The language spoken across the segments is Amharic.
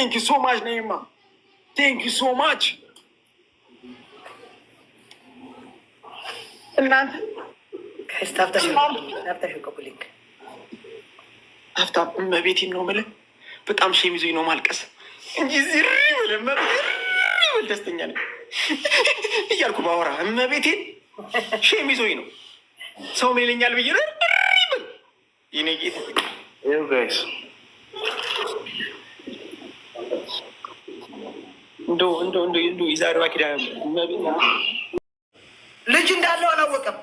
ቴንክ ዩ ሶ ማች ነይማ፣ ቴንክ ዩ ሶ ማች እናንተ ሀብታ እመቤቴን ነው የምልህ። በጣም ሼም ይዞኝ ነው ማልቀስ እንጂ ዝሪ ብል ደስተኛ ነኝ እያልኩ ባወራ እመቤቴን ሼም ይዞኝ ነው። ሰው ምን ይለኛል ብዬ ብል ጌታ የዛሬዋ ኪዳነ ልጅ እንዳለው አላወቀም።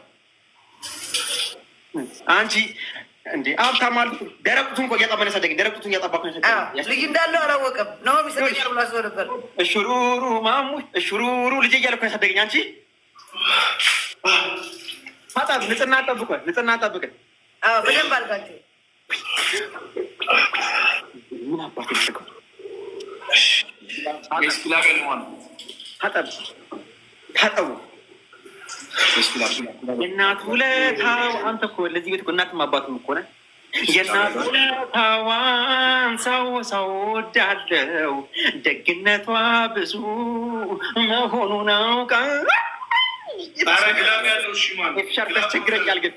አንቺ እንደ ሀብታም አልኩ። ደረቁቱን እኮ እያጠባን ያሳደገኝ ደረቁቱን እያጠባኩ ልጅ እንዳለው አላወቀም። እሽሩሩ ማሙ እሽሩሩ ልጅ እያለ ያሳደገኝ አንቺ ማጣት ንጽህና ጠብቀ ንጽህና ጠብቀ በደንብ አልባቸው ምን አባት ታጠቡ። የእናት ውለታው አንተ እኮ ለዚህ ቤት እናትም አባቱም እኮ ነህ። የእናት ውለታዋን ሰው ሰው ወዳለው ደግነቷ ብዙ መሆኑን አውቃ ሻርታስ ችግረኛል ግን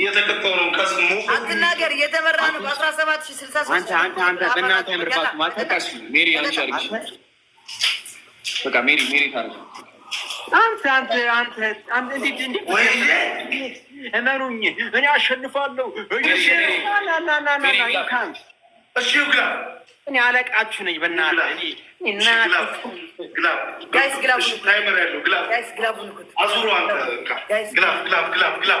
እየተከፈው ነው። ቀስ አትናገር። እየተመራ ነው በአስራ ሰባት ሺህ ስልሳ ሶስት አንተ አንተ አንተ በእናንተ ምርባት ሜሪ አንቺ በቃ ሜሪ ሜሪ ታርግ አንተ አንተ አንተ አንተ እንዴት እንዴት እመኑኝ እኔ አሸንፋለሁ። እሺ ግላ እኔ አለቃችሁ ነኝ። በእናትህ እና ጋይስ ግላቡ ግላቡ ግላቡ ግላቡ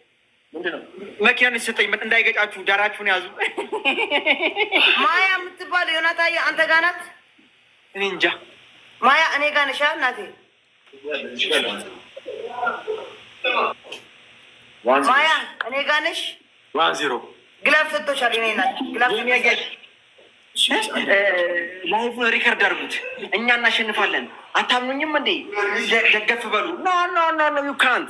ሰጠኝ ስጠኝ እንዳይገጫችሁ ዳራችሁን ያዙ። ማያ የምትባል ዮናታየ አንተ ጋር ናት። እኔ እንጃ ማያ እኔ ጋር ነሻ እናቴ። ማያ እኔ ጋር ነሽ። ዋን ዚሮ ግላብ ሰጥቶሻል። እኔ ናት ግላብ ላይቭን ሪከርድ አድርጉት። እኛ እናሸንፋለን። አታምኑኝም እንዴ? ደገፍ በሉ። ኖ ኖ ኖ ዩ ካንት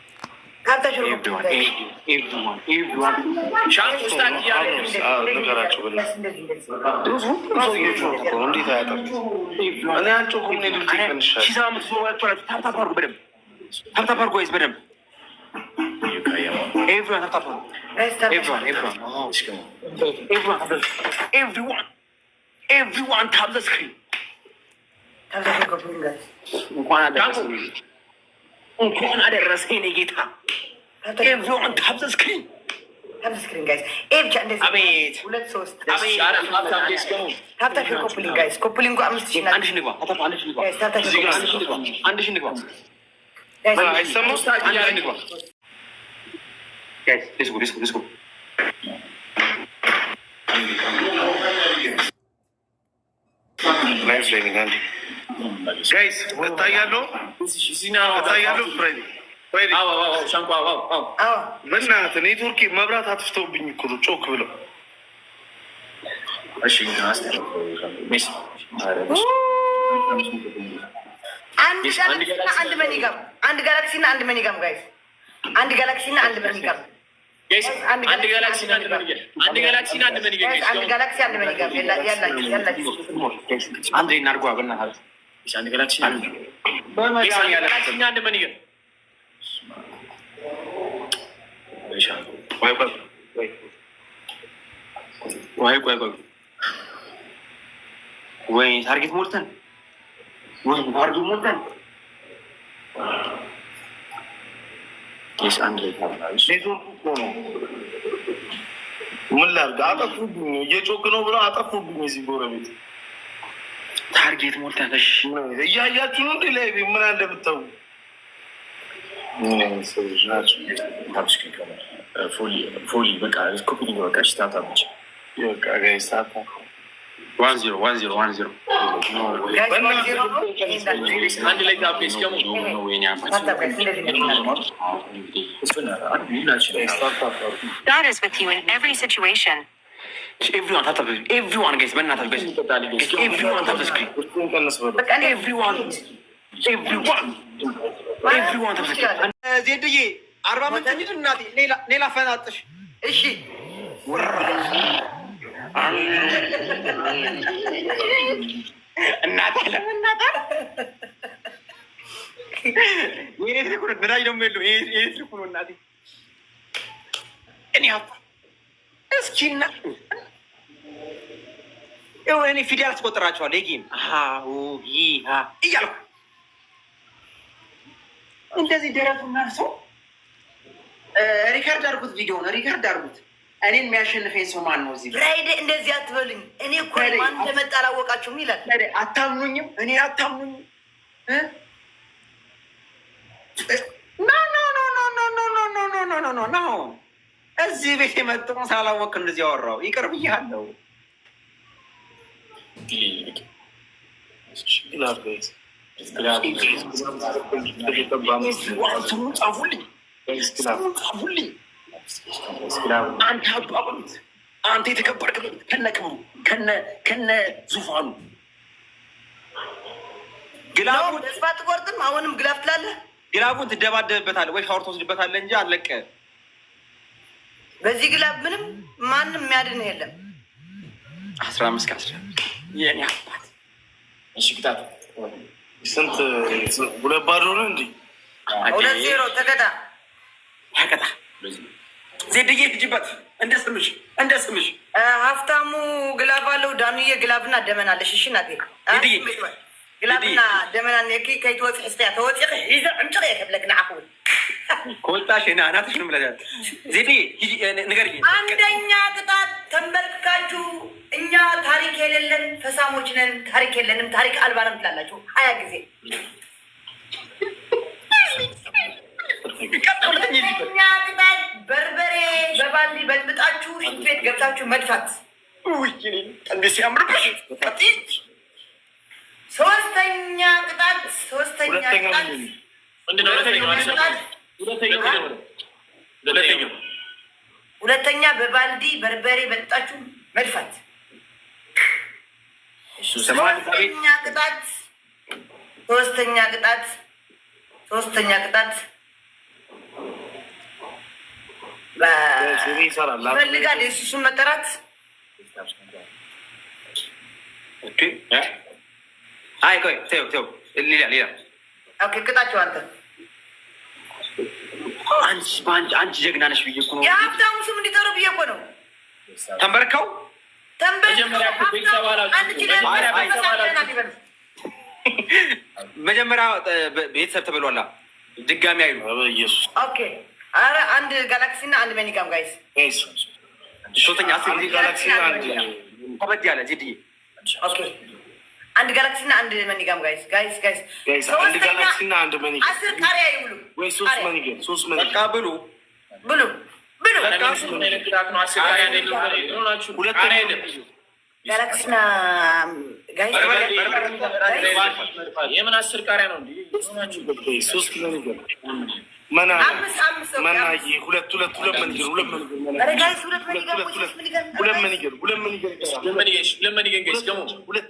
ታፕ ዘ ስክሪን እንኳን አደረሰ የኔ ጌታ። ኤቭሪዋን ታፕ ዘ ስክሪን ታፕ ጋይስ ኔትወርክ መብራት አጥፍተውብኝ እኮ ነው ጮክ ብለው። አንድ ጋላክሲና አንድ መኒጋም፣ አንድ ጋላክሲና አንድ መኒጋም፣ ጋይስ አንድ ጋላክሲና አንድ መኒጋም አንድ ጋላክሲ አንድ መኒጋም ያላችሁ ያላችሁ አንድ ገላክሲ ወይ ቆይ ቆይ ወይ ታርጌት ሞልተን ወይ ታርጌት ሞልተን አንድ ምን ላድርግ? አጠፉብኝ፣ እየጮክ ነው ብለው አጠፉብኝ። እዚህ ጎረቤት ታርጌት ሞልታለሽ። እያያችሁ ነው ላይ ምን እንደምታው ፎሊ በቃ ኮፒ በቃ ሽታታ ብቻ ዋን ዜሮ ዋን ዜሮ ዋን ዜሮ አንድ ላይ ጋቤ እስኪያሙ ነው ኤቭሪዋን ታፕ ታፕ ኤቭሪዋን ጋይስ በእናታችሁ ጋይስ ኤቭሪዋን ታፕ ስክሪን ኤቭሪዋን ኤቭሪዋን ኤቭሪዋን ታፕ ስክሪን ዜድዬ አርባ ምንጭ እንሂድ እናቴ ሌላ ፈናጥሽ እሺ እናቴ ነው እናቴ እኔ ሀብታ እስኪና እኔ ፊደል አስቆጥራቸዋለሁ። የጌም እያልኩ እንደዚህ ደረቱና ሰው ሪከርድ አድርጉት፣ ቪዲዮውን ሪከርድ አድርጉት። እኔን የሚያሸንፈኝ ሰው ማን ነው? እዚህ ፍራይዴ እንደዚህ አትበሉኝ። እኔ እኮ ማን እንደመጣ አላወቃችሁም ይላል። አታምኑኝም፣ እኔ አታምኑኝም እዚህ ቤት የመጣውን ሳላወቅ እንደዚህ ያወራው ይቅር ብያለሁ። አንተ አባብሉት፣ አንተ የተከበርክ ከነ ከነ ዙፋኑ ግላቡን ተስፋ ትቆርጥም። አሁንም ግላፍ ትላለህ፣ ግላቡን ትደባደብበታለህ ወይ ሻወር ትወስድበታለህ እንጂ አለቀ በዚህ ግላብ ምንም ማንም የሚያድን የለም። አስራ አምስት ከአስራ የኔ አባት እሺ፣ ግጣት ስንት? ሁለት ባዶ ነው እንዲ ሁለት ዜሮ ተቀጣ ተቀጣ። ዜድዬ ሂጂበት፣ እንደ ስምሽ እንደ ስምሽ ሀብታሙ ግላብ አለው ዳኑዬ ግላብና ደመናለሽ። እሺ ናቴ ግላብና ደመና ነኪ ከይትወፅሒ ስ ተወፂኺ ሒዞ ዕምጭቕ እየ ከብለክ ንዓኹ እውን ከወጣሽ ናናትሽ ንምለ ንገር አንደኛ ቅጣት ተንበርክካችሁ እኛ ታሪክ የሌለን ፈሳሞች ነን፣ ታሪክ የለንም፣ ታሪክ አልባ ትላላችሁ ሀያ ጊዜ። ሁለተኛ ቅጣት በርበሬ በባሊ በልብጣችሁ ሽንት ቤት ገብታችሁ መድፋት። ቀንዴ ሲያምርብሽ ሶስተኛ ቅጣት ሶስተኛ ቅጣት ሁለተኛ በባልዲ በርበሬ በጣችሁ መድፋት። ሶስተኛ ቅጣት ሶስተኛ ቅጣት ሶስተኛ ቅጣት ይፈልጋል የሱሱን መጠራት አይ ቆይ ተው ተው፣ ሌላ ሌላ ቅጣቸው። አንተ አንቺ በአንቺ አንቺ ጀግና ነሽ ብዬ እኮ ነው የሀብታሙ ስም እንዲጠሩ ብዬ እኮ ነው። ተንበርከው መጀመሪያ ቤተሰብ ተብሏላ። ድጋሚ አይሉ ኢየሱስ። ኦኬ አረ አንድ ጋላክሲ እና አንድ መኒጋም ጋይስ ሶስተኛ ስ ጋላክሲ ከበድ ያለ አንድ ጋላክሲ እና አንድ መኒጋም ጋይስ ጋይስ ጋይስ አንድ ጋላክሲ አንድ መኒጋም አስር ቃሪያ ይብሉ ወይ ሶስት መኒጋም ሶስት መኒጋም በቃ ብሉ ብሉ ብሉ ጋላክሲና ጋይስ የምን አስር ቃሪያ ነው ሶስት ሁለት ሁለት ሁለት ሁለት ሁለት ሁለት ሁለት ሁለት ሁለት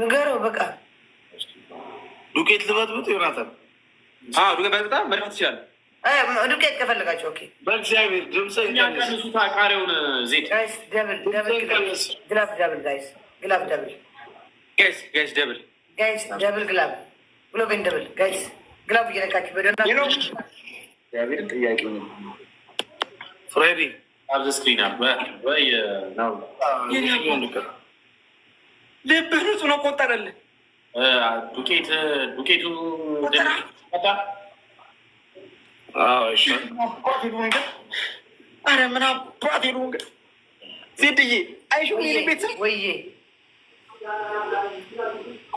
ንገረው። በቃ ዱቄት ልበጥብጥ ይሆናታል። ዱቄት በጥብጣ መድፋት ይችላል። ዱቄት ከፈለጋቸው በእግዚአብሔር ድምፅሱ ታቃሪውን ዜድ ደብል ደብል ደብል ጋይስ ግላፍ እየነካችሁ በደና ጥያቄ ፍሬዲ አብ ዘ ስክሪን ልብ ንጹህ ነው ቆጠረልህ። ዱቄት ዱቄቱ ኧረ ምን አባት ሄዱ እንግዲህ ዜድዬ አይሹ ቤት ወይዬ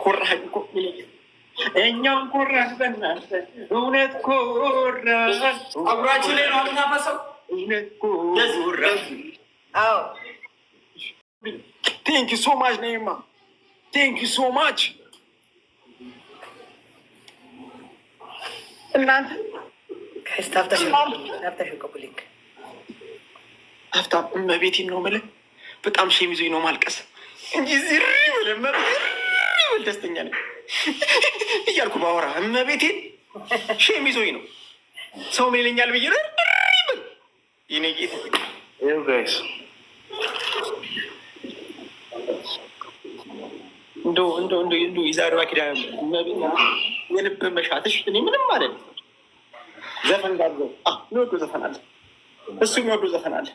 ኮራህ እኛም ኮራህ በእናንተ እውነት ኮራህ አብራችሁ ላይ ነው ምናፈሰው እውነት ኮራህ ቴንኪ ሶማች ነይማ ቴንክ ዩ ሶ ማች እናንተ ሀብታም እመቤቴን ነው የምልህ። በጣም ሼም ይዞኝ ነው ማልቀስ እንጂ እዚህ ብል ደስተኛ ነኝ እያልኩ ባወራ እመቤቴን ሼም ይዞኝ ነው ሰው ምን ይለኛል ብዬ ብል እንዶ እንዶ እንዶ እንዶ የዛሬዋ ኪዳነ ምህረት የልብ መሻትሽ እኔ ምንም ማለት ዘፈን ጋር ነው ዘፈን አለ፣ እሱ የሚወዱ ዘፈን አለ።